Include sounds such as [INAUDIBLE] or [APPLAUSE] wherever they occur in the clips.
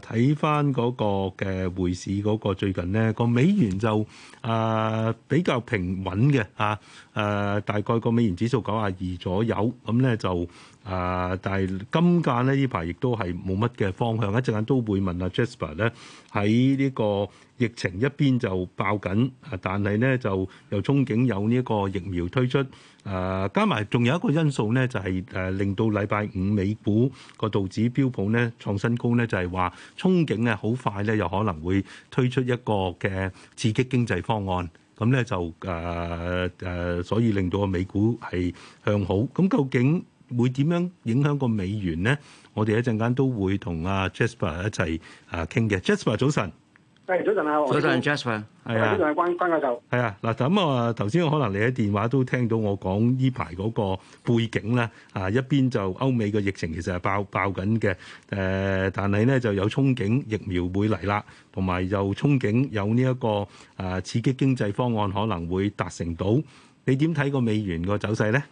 睇翻嗰個嘅匯市嗰個最近呢個美元就啊、呃、比較平穩嘅嚇，誒、呃、大概個美元指數九廿二左右，咁、嗯、咧就啊、呃，但係金價呢，呢排亦都係冇乜嘅方向，一陣間都會問阿、啊、Jasper 咧喺呢個疫情一邊就爆緊，但係呢就又憧憬有呢個疫苗推出。誒加埋仲有一個因素咧，就係誒令到禮拜五美股個道指標普咧創新高咧，就係話憧憬嘅好快咧，又可能會推出一個嘅刺激經濟方案咁咧，就誒誒，所以令到個美股係向好咁。究竟會點樣影響個美元咧？我哋一陣間都會同阿 Jasper 一齊啊傾嘅。Jasper 早晨。早晨啊，早晨 Jasper，係啊，早晨關關教授。係啊，嗱咁啊，頭先可能你喺電話都聽到我講呢排嗰個背景咧，啊一邊就歐美嘅疫情其實係爆爆緊嘅，誒，但係咧就有憧憬疫苗會嚟啦，同埋又憧憬有呢一個啊刺激經濟方案可能會達成到。你點睇個美元個走勢咧？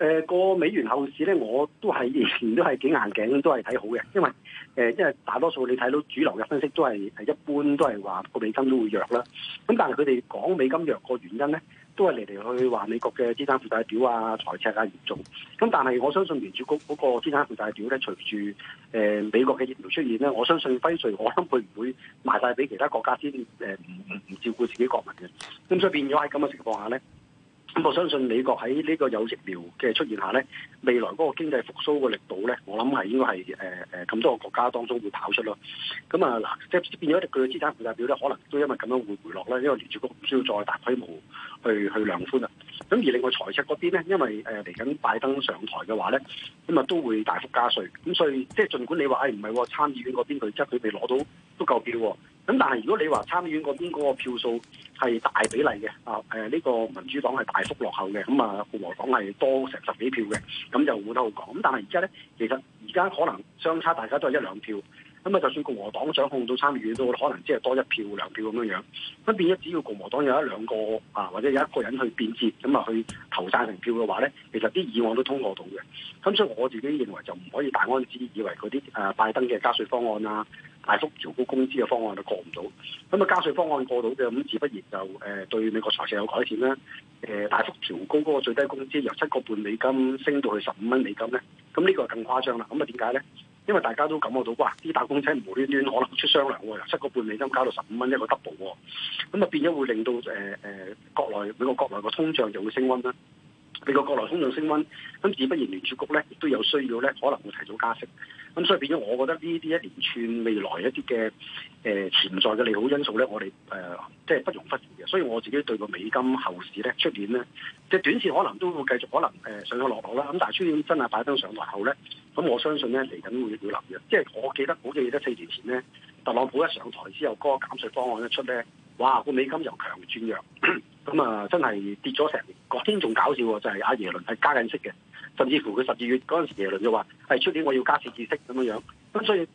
誒，個美元後市咧，我都係以前都係幾硬頸，都係睇好嘅，因為。誒，因為大多數你睇到主流嘅分析都係誒一般都係話個美金都會弱啦。咁但係佢哋講美金弱個原因咧，都係嚟嚟去去話美國嘅資產負債表啊、財赤啊嚴重。咁但係我相信聯儲局嗰個資產負債表咧，隨住誒、呃、美國嘅疫苗出現咧，我相信輝瑞我諗佢唔會賣晒俾其他國家先誒唔唔照顧自己國民嘅。咁所以變咗喺咁嘅情況下咧，咁我相信美國喺呢個有疫苗嘅出現下咧。未來嗰個經濟復甦嘅力度咧，我諗係應該係誒誒咁多個國家當中會跑出咯。咁啊嗱，即係變咗佢嘅資產負債表咧，可能都因為咁樣會回落啦，因為聯儲局唔需要再大規模去去量寬啦。咁而另外財政嗰邊咧，因為誒嚟緊拜登上台嘅話咧，咁啊都會大幅加稅。咁所以即係儘管你話誒唔係參議院嗰邊佢即係佢未攞到都夠票喎。咁但係如果你話參議院嗰邊嗰個票數係大比例嘅啊誒呢個民主黨係大幅落後嘅，咁啊共和黨係多成十幾票嘅。咁就冇得好講，咁但係而家咧，其實而家可能相差大家都係一兩票。咁啊，就算共和黨掌控到參議院都可能即係多一票兩票咁樣樣，咁變咗只要共和黨有一兩個啊，或者有一個人去變節，咁啊去投贊成票嘅話咧，其實啲議案都通過到嘅。咁所以我自己認為就唔可以大安之以為嗰啲誒拜登嘅加稅方案啊，大幅調高工資嘅方案都過唔到。咁啊，加稅方案過到嘅，咁自不然就誒、呃、對美國財政有改善啦。誒、呃、大幅調高嗰個最低工資由七個半美金升到去十五蚊美金咧，咁呢個更誇張啦。咁啊，點解咧？因為大家都感覺到，哇！啲打工仔無端端可能出雙糧喎，由七個半美金加到十五蚊一個 double，咁啊變咗會令到誒誒、呃、國內每個國內個通脹就會升溫啦。美國國內通脹升溫，咁自不然聯儲局咧，亦都有需要咧，可能會提早加息。咁所以變咗，我覺得呢啲一連串未來一啲嘅誒潛在嘅利好因素咧，我哋誒、呃、即係不容忽視嘅。所以我自己對個美金後市咧，出年咧，即係短線可能都會繼續可能誒上上落落啦。咁但係出年真係拜登上台後咧，咁我相信咧嚟緊會要弱嘅。即係我記得好似記得四年前咧，特朗普一上台之後，嗰、那個減稅方案一出咧，哇！個美金又強轉弱。 [COUGHS] 咁啊、嗯，真係跌咗成年添，仲搞笑喎，就係、是、阿、啊、耶倫係加緊息嘅，甚至乎佢十二月嗰陣時，耶倫就話係出年我要加設息息咁樣樣。咁、嗯、所以誒，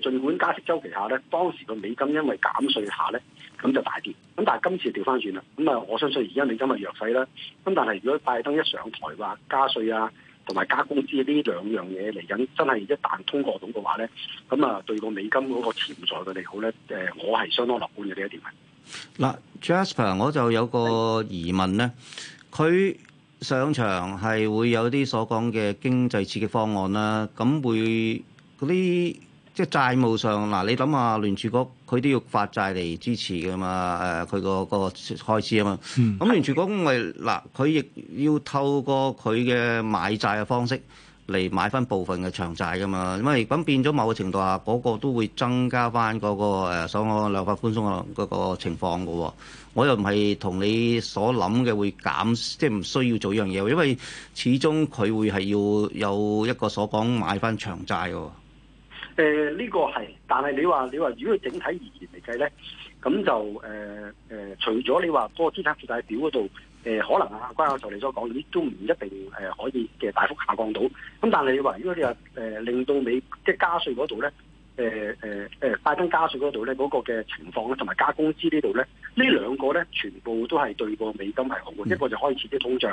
儘、呃、管加息周期下咧，當時個美金因為減稅下咧，咁就大跌。咁、嗯、但係今次調返轉啦。咁、嗯、啊，我相信而家美金咪弱勢啦。咁、嗯、但係如果拜登一上台話加稅啊，同埋加工資呢兩樣嘢嚟緊，真係一旦通過到嘅話咧，咁、嗯、啊、嗯，對個美金嗰個潛在嘅利好咧，誒、呃，我係相當樂觀嘅呢一點啊。嗱、嗯、，Jasper，我就有個疑問咧，佢上場係會有啲所講嘅經濟刺激方案啦，咁會嗰啲即係債務上，嗱，你諗下聯儲局佢都要發債嚟支持㗎嘛，誒、呃，佢、那個、那個開支啊嘛，咁聯儲局咪、就、嗱、是，佢亦要透過佢嘅買債嘅方式。嚟買翻部分嘅長債噶嘛，因為咁變咗某個程度下，嗰、那個都會增加翻、那、嗰個誒所講量化寬鬆個個情況噶喎。我又唔係同你所諗嘅會減，即係唔需要做呢樣嘢，因為始終佢會係要有一個所講買翻長債喎。誒、呃，呢、這個係，但係你話你話，如果佢整體而言嚟計咧，咁就誒誒、呃呃，除咗你話個資產負債表嗰度。誒、呃、可能啊，關教授你所講，呢啲都唔一定誒、呃、可以嘅大幅下降到。咁但係你話，如果你話誒、呃、令到美即係加稅嗰度咧，誒誒誒拜登加稅嗰度咧，嗰個嘅情況咧，同埋加工資呢度咧，呢兩個咧，全部都係對個美金係好嘅。嗯、一個就可以刺激通脹，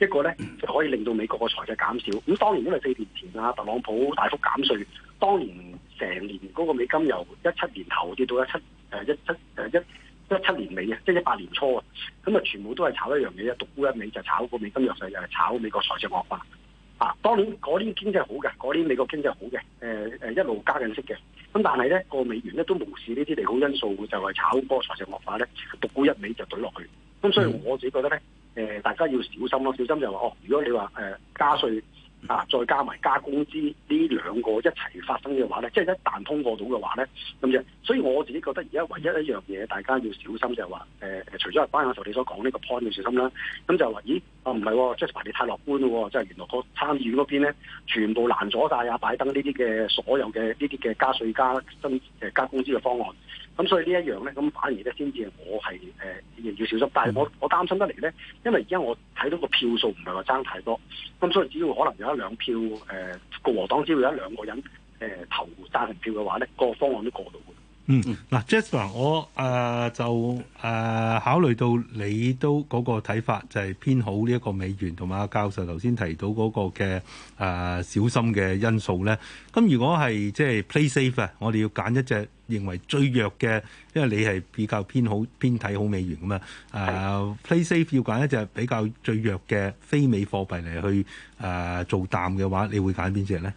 一個咧就可以令到美國個財政減少。咁、嗯、當然因為四年前啊，特朗普大幅減稅，當年成年嗰個美金由一七年頭跌到一七誒一七誒一。一七年尾啊，即係一八年初啊，咁啊全部都係炒一樣嘢啊，獨沽一味就炒個美金弱勢，又、就、係、是、炒美國財政惡化啊！當年嗰年經濟好嘅，嗰年美國經濟好嘅，誒、呃、誒、呃、一路加緊息嘅，咁但係咧個美元咧都無視呢啲利好因素就係、是、炒個財政惡化咧，獨沽一味就㨃落去。咁所以我自己覺得咧，誒、呃、大家要小心咯，小心就話、是、哦，如果你話誒、呃、加稅。啊！再加埋加工資呢兩個一齊發生嘅話咧，即係一旦通過到嘅話咧，咁樣，所以我自己覺得而家唯一一樣嘢大家要小心就係話，誒、呃、誒，除咗阿班教授你所講呢個 point 要小心啦，咁就話，咦？啊，唔係、哦，即係唔係你太樂觀咯、哦？即係原來個參議院嗰邊咧，全部攔咗曬啊！拜登呢啲嘅所有嘅呢啲嘅加稅加增誒加工資嘅方案。咁所以呢一樣咧，咁反而咧先至我係誒、呃、要小心，但係我我擔心得嚟咧，因為而家我睇到個票數唔係話爭太多，咁所以只要可能有一兩票誒共、呃、和黨只要有一兩個人誒、呃、投贊成票嘅話咧，個方案都過到嘅嗯，嗱、嗯，Jasper，我誒、呃、就誒、呃、考慮到你都嗰個睇法，就係、是、偏好呢一個美元，同埋阿教授頭先提到嗰個嘅誒、呃、小心嘅因素咧。咁如果係即係 play safe，我哋要揀一隻認為最弱嘅，因為你係比較偏好偏睇好美元噶嘛。誒、呃、的，play safe 要揀一隻比較最弱嘅非美貨幣嚟去誒、呃、做淡嘅話，你會揀邊隻咧？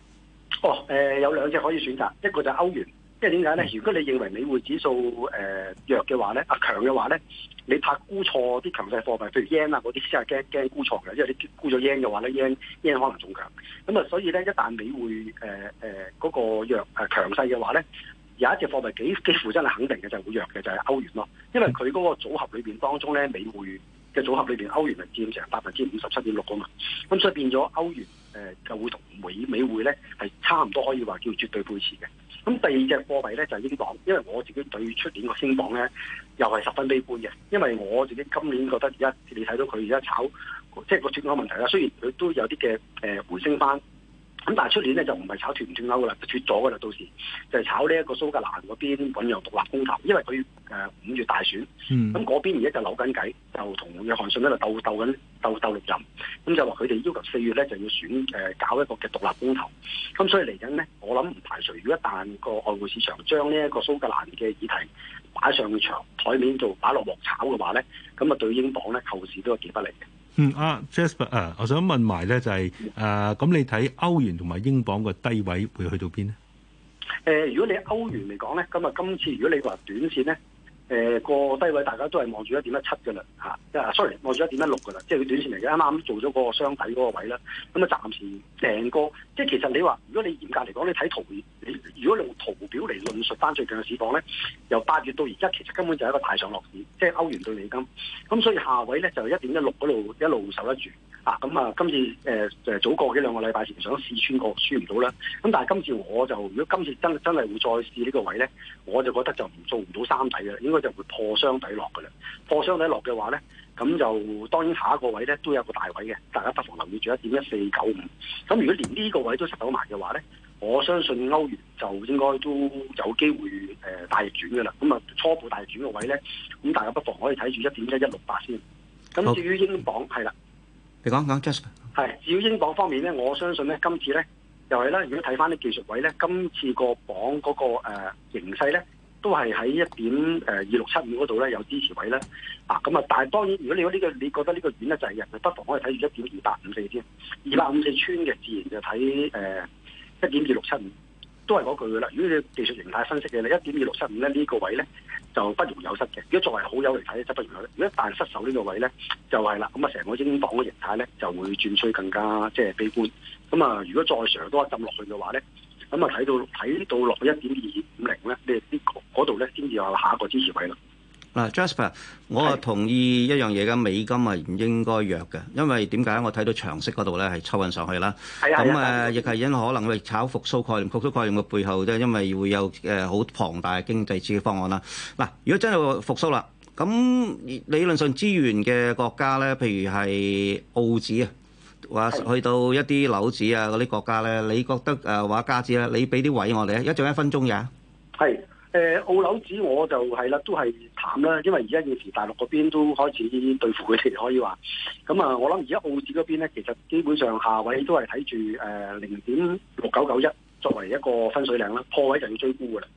哦，誒、呃、有兩隻可以選擇，一個就係歐元。即係點解咧？如果你認為美匯指數誒、呃、弱嘅話咧，阿強嘅話咧，你怕沽錯啲強勢貨幣，譬如 yen 啊，嗰啲，先係驚驚沽錯嘅，因為你沽咗 yen 嘅話咧，yen 可能仲強。咁啊，所以咧一旦美匯誒誒嗰個弱誒強勢嘅話咧，有一隻貨幣幾幾乎真係肯定嘅就係會弱嘅就係、是、歐元咯，因為佢嗰個組合裏邊當中咧美匯嘅組合裏邊歐元係佔成百分之五十七點六啊嘛，咁所以變咗歐元誒、呃、就會同美美匯咧係差唔多可以話叫絕對背馳嘅。咁第二隻貨幣咧就係、是、英鎊，因為我自己對出年個英鎊咧又係十分悲觀嘅，因為我自己今年覺得而家你睇到佢而家炒，即係個轉口問題啦。雖然佢都有啲嘅誒回升翻。咁但係出年咧就唔係炒脫唔脫歐噶啦，脫咗噶啦，到時就係炒呢一、就是、個蘇格蘭嗰邊揾又獨立公投，因為佢誒五月大選，咁嗰、嗯、邊而家就扭緊計，就同約翰遜喺度鬥鬥緊，鬥鬥力任，咁就話佢哋要求四月咧就要選誒、呃、搞一個嘅獨立公投，咁所以嚟緊咧，我諗唔排除，如果一旦個外匯市場將呢一個蘇格蘭嘅議題擺上場台面度，擺落鑊炒嘅話咧，咁啊對英鎊咧後市都係幾不利嘅。嗯啊，Jasper 啊，我想問埋咧就係誒，咁你睇歐元同埋英鎊個低位會去到邊呢？誒，如果你歐元嚟講咧，咁啊今次如果你話短線咧。誒個、呃、低位大家都係望住一點一七嘅啦，嚇、啊、sorry，望住一點一六嘅啦，即係佢短線嚟嘅，啱啱做咗個箱底嗰個位啦。咁、嗯、啊暫時掟過，即係其實你話，如果你嚴格嚟講，你睇圖，你如果你用圖表嚟論述翻最近嘅市況咧，由八月到而家，其實根本就係一個大上落市，即係歐元對美金。咁、嗯、所以下位咧就一點一六嗰度一路守得住。啊，咁啊，今次誒誒、呃、早過幾兩個禮拜前想試穿過穿唔到啦。咁但係今次我就如果今次真真係會再試呢個位咧，我就覺得就唔做唔到三底嘅，應該就會破雙底落嘅啦。破雙底落嘅話咧，咁就當然下一個位咧都有個大位嘅，大家不妨留意住一點一四九五。咁如果連呢個位都守到埋嘅話咧，我相信歐元就應該都有機會誒、呃、大逆轉嘅啦。咁啊初步大逆轉嘅位咧，咁大家不妨可以睇住一點一一六八先。咁至於英鎊係啦。你講講 j 係，至於英鎊方面咧，我相信咧，今次咧又係啦。如果睇翻啲技術位咧，今次榜、嗰個榜嗰個形勢咧，都係喺一點誒二六七五嗰度咧有支持位啦。啊，咁啊，但係當然，如果你呢、呢個你覺得呢個軟一陣嘅，不妨可以睇住一點二八五四先。二八五四穿嘅，自然就睇誒一點二六七五，呃、75，都係嗰句嘅啦。如果你技術形態分析嘅，你一點二六七五咧呢、呢個位咧。就不容有失嘅。如果作為好友嚟睇咧，則不容有失。如果一旦失守呢個位咧，就係啦。咁啊，成個英鎊嘅形態咧，就會轉趨更加即係悲觀。咁啊，如果再上多一浸落去嘅話咧，咁啊，睇到睇到落去一點二五零咧，你啲嗰度咧先至有下一個支持位啦。嗱，Jasper，我啊同意一樣嘢嘅，美金係唔應該弱嘅，因為點解？我睇到長息嗰度咧係抽緊上去啦。係啊，係啊。咁誒，亦係因可能炒復甦概念、復甦概念嘅背後都係因為會有誒好龐大經濟刺激方案啦。嗱，如果真係復甦啦，咁理論上資源嘅國家咧，譬如係澳紙啊，話去到一啲紐紙啊嗰啲國家咧，你覺得誒話加紙啦，你俾啲位我哋啊，一仲一分鐘㗎。係。誒澳樓指，我就係啦，都係淡啦，因為而家現時大陸嗰邊都開始對付佢哋，可以話咁啊。我諗而家澳指嗰邊咧，其實基本上下位都係睇住誒零點六九九一作為一個分水嶺啦，破位就要追沽嘅啦。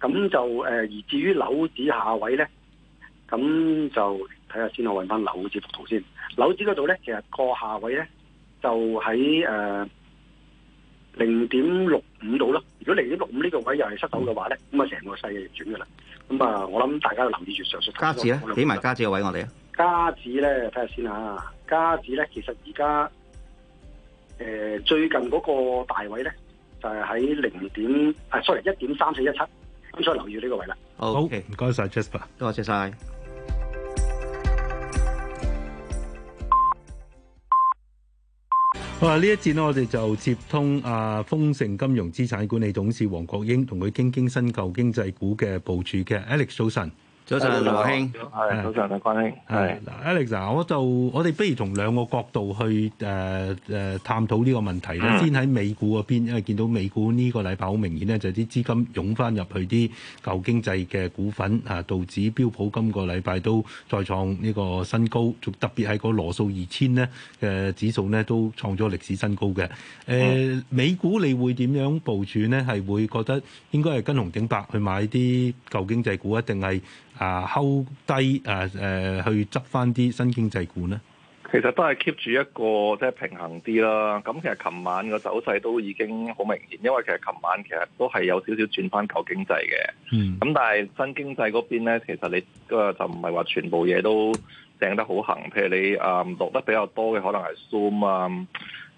咁就誒而、呃、至於樓指下位咧，咁就睇下先看看，我揾翻樓指幅圖先。樓指嗰度咧，其實個下位咧就喺誒。呃零點六五度啦。如果零點六五呢個位又係失手嘅話咧，咁啊成個勢逆轉噶啦。咁啊，我諗大家留意住上述。加子咧，俾埋加子嘅位我哋啊。加子咧，睇下先吓。加子咧，其實而家誒最近嗰個大位咧，就係喺零點，啊，sorry，一點三四一七。咁所以留意呢個位啦。好，OK，唔該晒，Jasper，多謝晒。哇！呢一節咧，我哋就接通啊，豐盛金融資產管理董事黃國英，同佢傾傾新舊經濟股嘅部署嘅 Alex 早晨。早晨，羅兄。係、啊、早晨，關兄、啊。係是，Alex 啊我就我哋不如從兩個角度去誒誒、呃呃、探討呢個問題，啦。先喺美股嗰邊，因為見到美股呢個禮拜好明顯咧，就啲資金湧翻入去啲舊經濟嘅股份啊，道指、標普今個禮拜都再創呢個新高，仲特別係個羅素二千咧嘅指數咧都創咗歷史新高嘅。誒、啊，啊、美股你會點樣部署呢？係會覺得應該係跟紅頂白去買啲舊經濟股，定係。啊，收低啊，誒、呃、去執翻啲新經濟股咧、就是。其實都係 keep 住一個即係平衡啲啦。咁其實琴晚個走勢都已經好明顯，因為其實琴晚其實都係有少少轉翻舊經濟嘅。咁、嗯、但係新經濟嗰邊咧，其實你個就唔係話全部嘢都掟得好行，譬如你啊落、嗯、得比較多嘅可能係 Zoom 啊，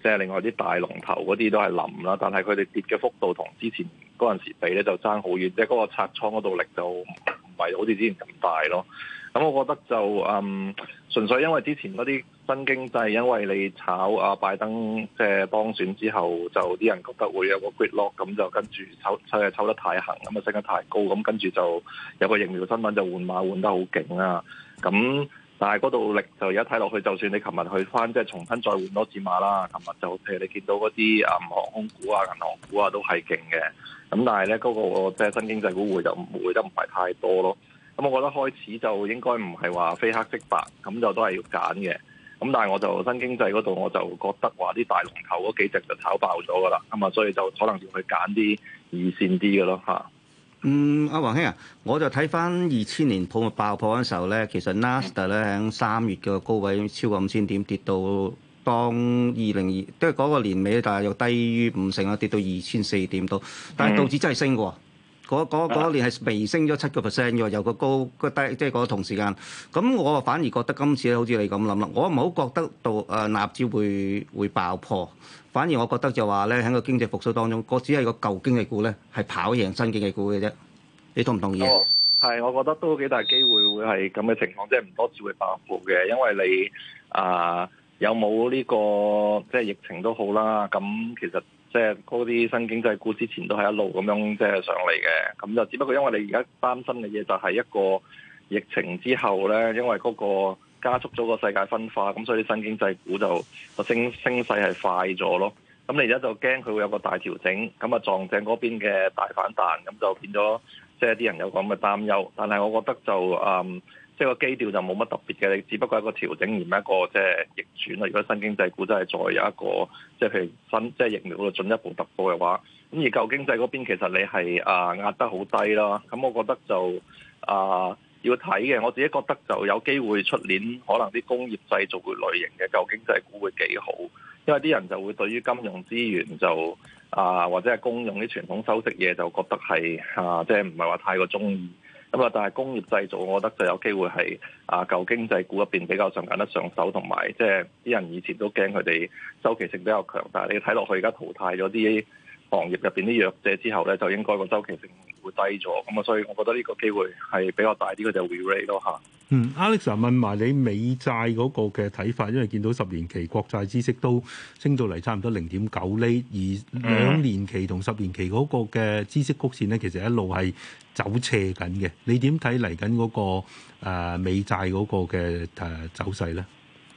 即係另外啲大龍頭嗰啲都係冧啦。但係佢哋跌嘅幅度同之前嗰陣時比咧就爭好遠，即係嗰個拆倉嗰度力就。係好似之前咁大咯，咁我覺得就嗯純粹因為之前嗰啲新經濟，因為你炒阿拜登即係、就是、當選之後，就啲人覺得會有個 gridlock，咁就跟住抽抽係抽得太行，咁啊升得太高，咁跟住就有個疫苗新聞就換馬換得好勁啦，咁。但係嗰度力就而家睇落去，就算你琴日去返，即係重新再換多隻馬啦。琴日就譬如你見到嗰啲啊航空股啊、銀行股啊都係勁嘅，咁但係咧嗰個即係新經濟股匯就唔匯得唔係太多咯。咁我覺得開始就應該唔係話非黑即白，咁就都係要揀嘅。咁但係我就新經濟嗰度，我就覺得話啲大龍頭嗰幾隻就炒爆咗噶啦，咁啊所以就可能要去揀啲二線啲嘅咯嚇。嗯，阿、啊、黃兄啊，我就睇翻二千年泡沫爆破嗰陣時候咧，其實 Nasdaq 咧喺三月嘅高位超過五千點，跌到當二零二，即係嗰個年尾，大約又低於五成啊，跌到二千四點多，但係道指真係升嘅喎。嗰嗰嗰一年係微升咗七個 percent 喎，由個高個低，即係嗰同時間。咁我反而覺得今次咧，好似你咁諗啦，我唔好覺得到誒納指會會爆破，反而我覺得就話咧，喺個經濟復甦當中，個只係個舊經濟股咧係跑贏新經濟股嘅啫。你同唔同意啊？係，我覺得都幾大機會會係咁嘅情況，即係唔多至會爆破嘅，因為你啊有冇呢個即係疫情都好啦。咁其實。即係嗰啲新經濟股之前都係一路咁樣即係上嚟嘅，咁就只不過因為你而家擔心嘅嘢就係一個疫情之後咧，因為嗰個加速咗個世界分化，咁所以啲新經濟股就個升升勢係快咗咯。咁你而家就驚佢會有個大調整，咁啊撞正嗰邊嘅大反彈，咁就變咗即係啲人有咁嘅擔憂。但係我覺得就嗯。即係個基調就冇乜特別嘅，你只不過係一個調整而唔係一個即係逆轉啦。如果新經濟股真係再有一個，即係譬如新即係疫苗嘅進一步突破嘅話，咁而舊經濟嗰邊其實你係啊壓得好低啦。咁我覺得就啊、呃、要睇嘅，我自己覺得就有機會出年可能啲工業製造類型嘅舊經濟股會幾好，因為啲人就會對於金融資源就啊、呃、或者係公用啲傳統收息嘢就覺得係啊、呃、即係唔係話太過鍾意。咁啊、嗯！但係工業製造，我覺得就有機會係啊舊經濟股入邊比較上緊得上手，同埋即係啲人以前都驚佢哋周期性比較強，但係你睇落去而家淘汰咗啲行業入邊啲弱者之後咧，就應該個周期性會低咗，咁啊，所以我覺得呢個機會係比較大啲，佢、這個、就 re-rate 咯吓。嗯，Alexa 問埋你美債嗰個嘅睇法，因為見到十年期國債孳息都升到嚟差唔多零點九厘，而兩年期同十年期嗰個嘅孳息曲線呢，其實一路係走斜緊嘅。你點睇嚟緊嗰個誒、呃、美債嗰個嘅誒走勢咧？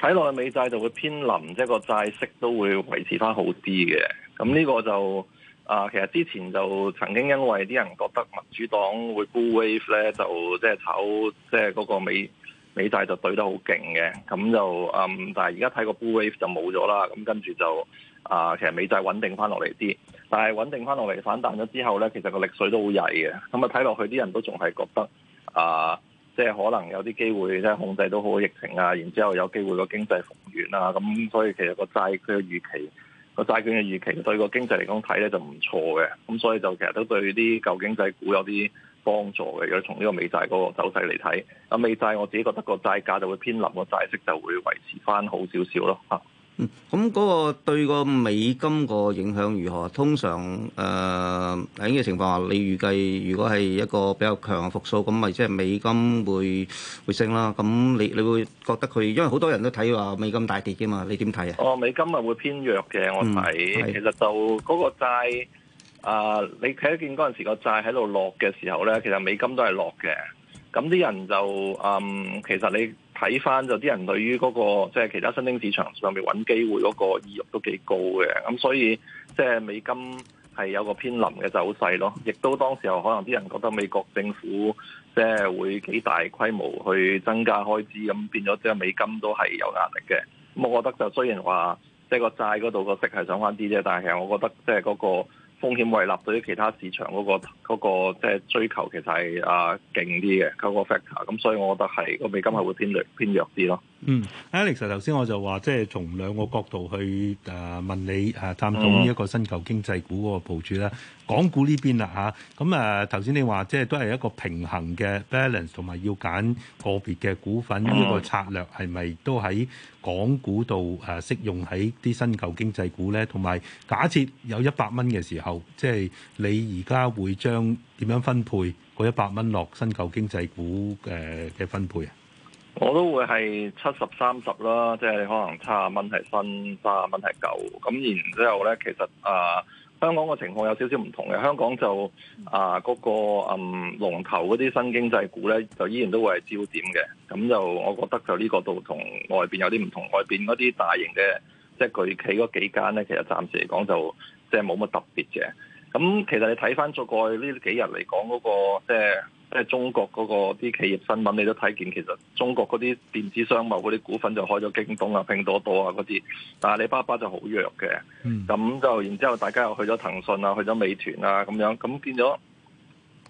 睇落去美債就會偏臨，即係個債息都會維持翻好啲嘅。咁呢個就。嗯啊、呃，其實之前就曾經因為啲人覺得民主黨會 blue wave 咧，就即係炒，即係嗰個美美債就對得好勁嘅，咁就嗯，但係而家睇個 blue wave 就冇咗啦，咁跟住就啊、呃，其實美債穩定翻落嚟啲，但係穩定翻落嚟反彈咗之後咧，其實個力水都好曳嘅，咁啊睇落去啲人都仲係覺得啊，即、呃、係、就是、可能有啲機會即控制到好疫情啊，然之後有機會個經濟復原啊，咁、嗯、所以其實個債區嘅預期。個債券嘅預期對個經濟嚟講睇咧就唔錯嘅，咁所以就其實都對啲舊經濟股有啲幫助嘅。如果從呢個美債嗰個走勢嚟睇，咁美債我自己覺得個債價就會偏冧，個債息就會維持返好少少咯嚇。嗯，咁嗰個對個美金個影響如何？通常誒喺呢個情況下，你預計如果係一個比較強嘅復甦，咁咪即係美金會會升啦。咁你你會覺得佢？因為好多人都睇話美金大跌㗎嘛，你點睇啊？哦，美金咪會偏弱嘅，我睇。其實就嗰個債誒，你睇得見嗰陣時個債喺度落嘅時候咧，其實美金都係落嘅。咁啲人就嗯，其實你。睇翻就啲人對於嗰、那個即係、就是、其他新興市場上面揾機會嗰個意欲都幾高嘅，咁所以即係、就是、美金係有個偏臨嘅走勢咯。亦都當時候可能啲人覺得美國政府即係、就是、會幾大規模去增加開支，咁變咗即係美金都係有壓力嘅。咁我覺得就雖然話即係個債嗰度個息係上翻啲啫，但係其實我覺得即係嗰個。風險胃納對於其他市場嗰、那個即係、那個、追求其實係啊勁啲嘅嗰個 factor，咁所以我覺得係個美金係會偏弱偏弱啲咯。嗯，Alex，頭先我就話即係從兩個角度去啊問你啊探討呢一個新舊經濟股嗰個部署咧，港股呢邊啦嚇，咁啊頭先你話即係都係一個平衡嘅 balance，同埋要揀個別嘅股份呢、嗯、個策略係咪都喺港股度啊適用喺啲新舊經濟股咧？同埋假設有一百蚊嘅時候。哦、即係你而家會將點樣分配嗰一百蚊落新舊經濟股嘅嘅分配啊？我都會係七十三十啦，即係可能七啊蚊係新，三啊蚊係舊。咁然之後咧，其實啊、呃，香港嘅情況有少少唔同嘅。香港就啊嗰、呃那個嗯、呃、龍頭嗰啲新經濟股咧，就依然都會係焦點嘅。咁就我覺得就呢個度同外邊有啲唔同，外邊嗰啲大型嘅，即係佢企嗰幾間咧，其實暫時嚟講就即係冇乜特別嘅。咁其實你睇翻咗過去呢幾日嚟講嗰、那個，即係即係中國嗰、那個啲企業新聞，你都睇見其實中國嗰啲電子商務嗰啲股份就開咗京東啊、拼多多啊嗰啲，但阿里巴巴就好弱嘅。咁、嗯、就然之後，大家又去咗騰訊啊、去咗美團啊咁樣，咁變咗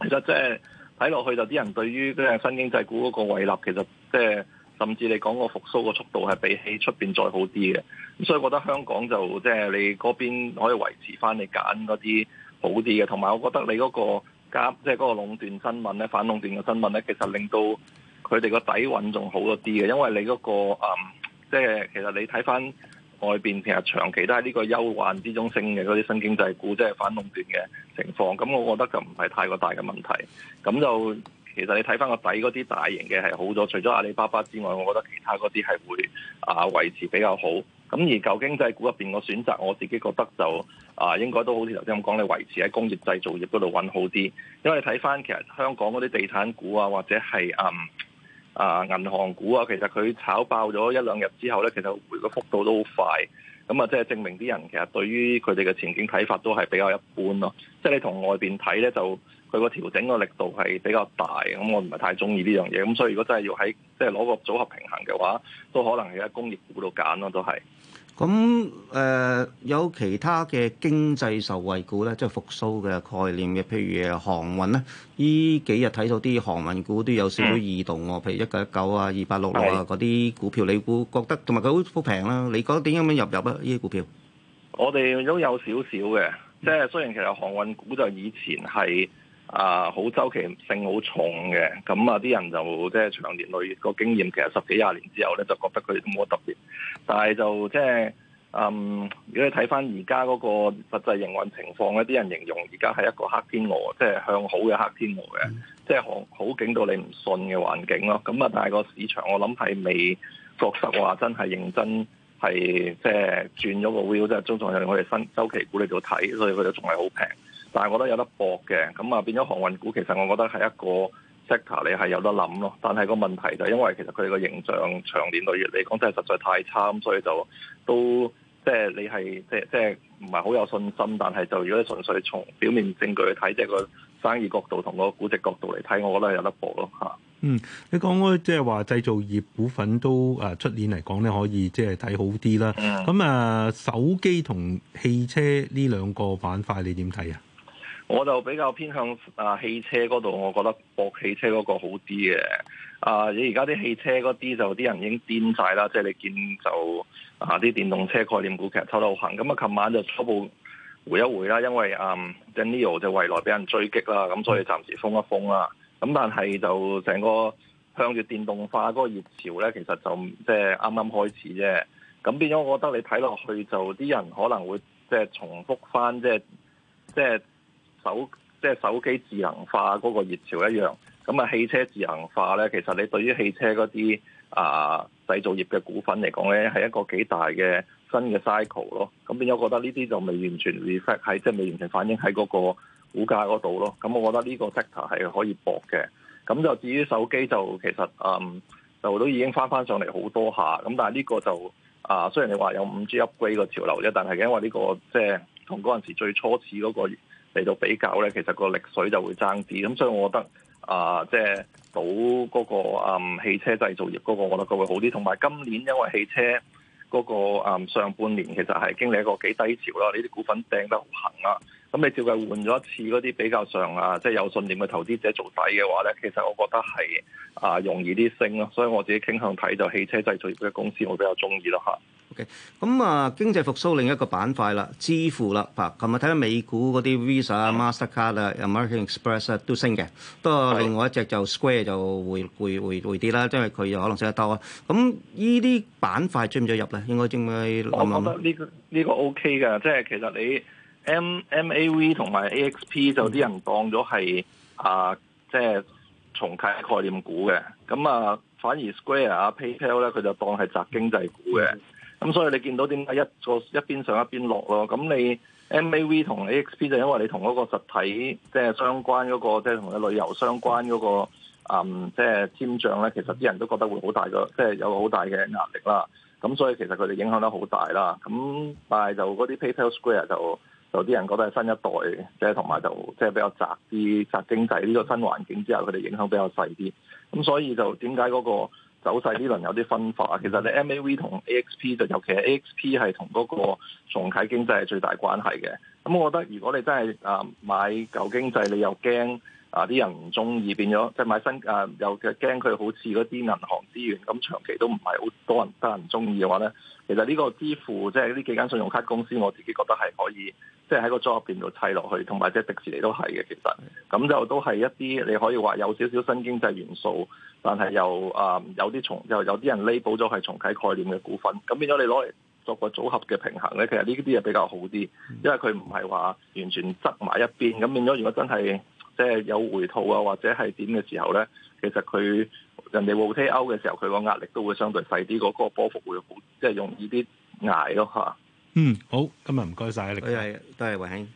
其實即係睇落去就啲、是、人對於嗰個新經濟股嗰個威力其實即、就、係、是。甚至你講個復甦個速度係比起出邊再好啲嘅，咁所以覺得香港就即係、就是、你嗰邊可以維持翻你揀嗰啲好啲嘅，同埋我覺得你嗰、那個加即係嗰個壟斷新聞咧，反壟斷嘅新聞咧，其實令到佢哋個底蘊仲好咗啲嘅，因為你嗰、那個即係、嗯就是、其實你睇翻外邊其實長期都係呢個憂患之中升嘅嗰啲新經濟股，即、就、係、是、反壟斷嘅情況，咁我覺得就唔係太過大嘅問題，咁就。其實你睇翻個底嗰啲大型嘅係好咗，除咗阿里巴巴之外，我覺得其他嗰啲係會啊維持比較好。咁而舊經濟股入邊個選擇，我自己覺得就啊應該都好似頭先咁講，你維持喺工業製造業嗰度穩好啲。因為你睇翻其實香港嗰啲地產股啊，或者係、嗯、啊銀行股啊，其實佢炒爆咗一兩日之後呢，其實回個幅度都好快。咁啊，即係證明啲人其實對於佢哋嘅前景睇法都係比較一般咯。即係你同外邊睇呢，就。佢個調整個力度係比較大，咁我唔係太中意呢樣嘢。咁所以如果真係要喺即係攞個組合平衡嘅話，都可能係喺工業股度揀咯。都係咁誒，有其他嘅經濟受惠股咧，即係復甦嘅概念嘅，譬如航運咧。依幾日睇到啲航運股都有少少異動喎，嗯、譬如一九一九啊、二八六六啊嗰啲是股，啊、股票。你估覺得同埋佢好平啦，你覺得點咁樣入入啊？依啲股票，我哋都有少少嘅。即係雖然其實航運股就以前係。啊，好周期性好重嘅，咁啊啲人就即係、就是、長年累月、那個經驗，其實十幾廿年之後咧，就覺得佢冇乜特別。但係就即係嗯，如果你睇翻而家嗰個實際營運情況咧，啲人形容而家係一個黑天鵝，即、就、係、是、向好嘅黑天鵝嘅，嗯、即係好好景到你唔信嘅環境咯。咁、嗯、啊，但係個市場我諗係未確實話真係認真係即係轉咗個 view 即係中長期我哋新周期股你到睇，所以佢都仲係好平。但係我覺得有得搏嘅，咁啊變咗航運股其實我覺得係一個 sector，你係有得諗咯。但係個問題就係因為其實佢哋個形象長年累月嚟講真係實在太差，所以就都即係、就是、你係即係即係唔係好有信心。但係就如果純粹從表面證據去睇，即係個生意角度同個估值角度嚟睇，我覺得係有得搏咯嚇。嗯，你講開即係話製造業股份都誒出年嚟講咧可以即係睇好啲啦。咁啊、嗯、手機同汽車呢兩個板塊你點睇啊？我就比較偏向啊汽車嗰度，我覺得博汽車嗰個好啲嘅。啊，而家啲汽車嗰啲就啲人已經癲晒啦，即係你見就啊啲電動車概念股其實炒得好行。咁、嗯、啊，琴晚就初步回一回啦，因為嗯，Nio 就未來俾人追擊啦，咁、嗯、所以暫時封一封啦。咁、嗯、但係就成個向住電動化嗰個熱潮咧，其實就即係啱啱開始啫。咁變咗，我覺得你睇落去就啲人可能會即係重複翻，即係即係。手即係手機智能化嗰個熱潮一樣，咁啊汽車智能化咧，其實你對於汽車嗰啲啊製造業嘅股份嚟講咧，係一個幾大嘅新嘅 cycle 咯。咁變咗我覺得呢啲就未完全 reflect 喺即係未完全反映喺嗰個股價嗰度咯。咁我覺得呢個 sector 係可以搏嘅。咁就至於手機就其實嗯就都已經翻翻上嚟好多下。咁但係呢個就啊、呃、雖然你話有五 G upgrade 個潮流啫，但係因為呢個即係同嗰陣時最初次嗰個。嚟到比較咧，其實個力水就會爭啲，咁所以我覺得啊，即係到嗰個啊、嗯、汽車製造業嗰、嗰個，我覺得佢會好啲。同埋今年因為汽車嗰、嗰個啊、嗯、上半年其實係經歷一個幾低潮啦，呢啲股份掟得好行啦。咁、嗯、你照計換咗一次嗰啲比較上啊，即、就、係、係、有信念嘅投資者做底嘅話咧，其實我覺得係啊容易啲升咯。所以我自己傾向睇就汽車製造業嘅公司，我比較鍾意咯嚇。咁啊，經濟復甦另一個板塊啦，支付啦。啊，琴日睇到美股嗰啲 Visa 啊、MasterCard 啊、American Express 啊都升嘅。不過另外一隻就 Square 就回回回回啲啦，因為佢又可能升得多。咁依啲板塊追唔追入咧？應該應該諗諗。我覺得呢個呢個 OK 嘅，即係其實你 MMAV 同埋 AXP 就啲人當咗係啊，即係重啟概念股嘅。咁啊，反而 Square 啊 PayPal 咧，佢就當係集經濟股嘅。咁所以你見到點解一個一邊上一邊落咯？咁你 M A V 同 A X P 就因為你同嗰個實體即係、就是、相關嗰、那個即係同你旅遊相關嗰、那個即係簽帳咧，其實啲人都覺得會好大個即係有好大嘅壓力啦。咁所以其實佢哋影響得好大啦。咁但係就嗰啲 PayPal Square 就就啲人覺得係新一代，即係同埋就即係比較宅啲宅經濟呢個新環境之下，佢哋影響比較細啲。咁所以就點解嗰個走勢呢輪有啲分化，其實你 MAV 同 AXP 就尤其係 AXP 係同嗰個重啟經濟係最大關係嘅。咁我覺得如果你真係啊買舊經濟，你又驚啊啲人唔中意，變咗即係買新啊又嘅驚佢好似嗰啲銀行資源咁長期都唔係好多人得人中意嘅話咧，其實呢個支付即係呢幾間信用卡公司，我自己覺得係可以。即係喺個組合入邊度砌落去，同埋即係迪士尼都係嘅，其實咁就都係一啲你可以話有少少新經濟元素，但係又啊、呃、有啲重，又有啲人彌補咗係重啟概念嘅股份。咁變咗你攞嚟作個組合嘅平衡咧，其實呢啲嘢比較好啲，因為佢唔係話完全塞埋一邊。咁變咗如果真係即係有回吐啊，或者係點嘅時候咧，其實佢人哋 rotate out 嘅時候，佢個壓力都會相對細啲，嗰、那個波幅會好即係容易啲捱咯嚇。啊。嗯，好，今日唔該晒你，都係都係維興。